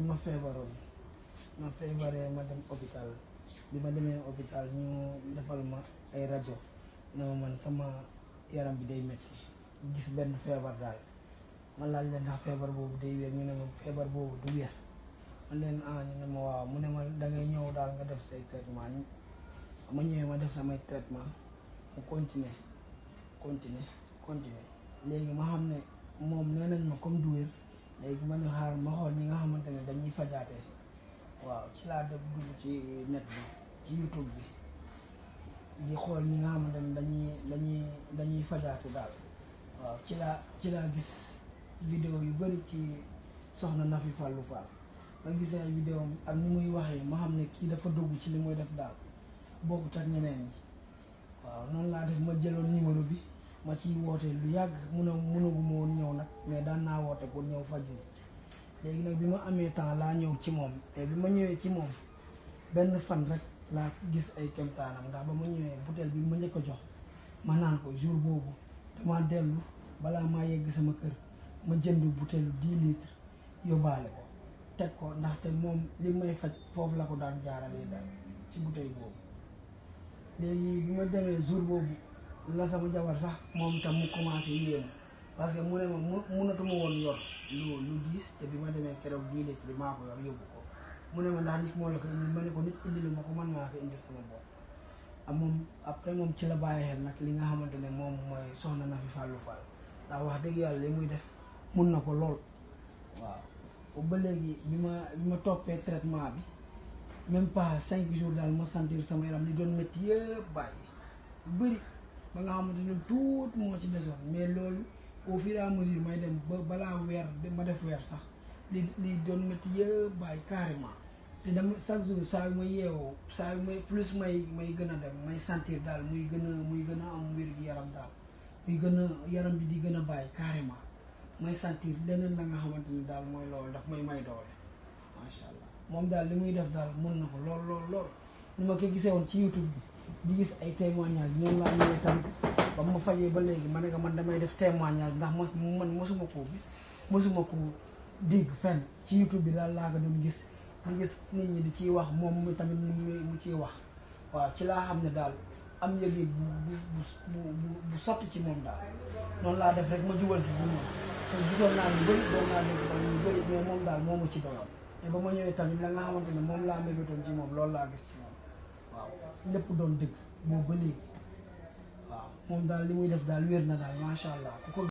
ma feebaroon ma feebaree ma dem hôpital bi ma demee hôpital ñu defal ma ay rajo ne ma man sama yaram bi day metti gis benn feebar daal ma laal leen ndax feebar boobu day wér ñu ne ma feebar boobu du wér ma leen ah ñu ne ma waaw mu ne ma da ngay ñëw daal nga def say traitement ma ñëwee ma def samay traitement mu continuer continuer continuer léegi ma xam ne moom nee nañ ma comme du wér léegi ma ne xaar ma xool ñi nga xamante ne dañuy fajaate waaw ci laa def dugg ci net bi ci YouTube bi di xool ñi nga xamante ne dañuy dañuy dañuy fajaate daal waaw ci laa ci laa gis vidéo yu bari ci soxna Nafi Fallou Fall ma gisee ay vidéo ak ni muy waxee ma xam ne kii dafa dugg ci li muy def daal bokkut ak ñeneen yi waaw noonu laa def ma jëloon numéro bi ma ciy wootee lu yàgg mun a munaguma woon ñëw nag mais daan naa woote pour ñëw faju léegi nag bi ma amee temps laa ñëw ci moom te bi ma ñëwee ci moom benn fan rek laa gis ay kemtaanam ndax ba ma ñëwee butéel bi ma njëkk a jox ma naan ko jour boobu dama dellu balaa maa yegg sama kër ma jënd butéelu 10 litres yóbbaale ko teg ko ndaxte moom li may faj foofu la ko daan jaaralee daal ci butéel boobu léegi bi ma demee jour boobu la sama jabar sax moom tam mu commencé yéemu parce que mu ne ma mënatuma woon yor lu lu diis te bi ma demee keroog dix litres bi maa ko yor yóbbu ko mu ne ma ndax nit moo la ko indi ma ko man maa ko indil sama bopp ak ah, moom après moom ci la bàyyi xel nag li nga xamante ne moom mooy soxna na fi fàllu fàll ndax wax dëgg yàlla li muy def mun na ko lool waaw ba léegi bi ma bi ma toppee traitement bi même pas cinq jours daal ma sentir sama yaram li doon métti yëpp ba nga xamante ni tuut moo ci desoon mais loolu au fur et à mesure may dem ba balaa weer ma def weer sax li li doon métti yëpp bàyyi carrément te dama chaque jour saa yu ma yeewoo saa yu may plus may may gën a dem may sentir daal muy gën a muy gën am wér gi yaram daal muy gën a yaram bi di gën a bàyyi carrément may sentir leneen la nga xamante ni daal mooy loolu daf may may doole macha allah moom daal li muy def daal mën na ko lool lool lool ni ma ko gisee woon ci bi di gis ay témoignages ñoom fajee ba légui mané nga man damay def témoignage ndax mo man musuma ko gis musuma ko dégg fenn ci youtube bi la la nga doon gis di gis nit ñi di ci wax mom mu tamit mu ci wax wa ci la xamné dal am yëg bu bu bu bu sotti ci mom dal non la def rek ma juwal si ci mom ko gisoon na ñu bari do na dégg daal ñu bëri mais mom dal momu ci do te ba ma ñëwé tamit la nga xamanté mom la laa ci mom lool la gis ci mom waaw lepp doon dëgg mo ba légui moom daal li muy def daal wér na daal macha allah ku ko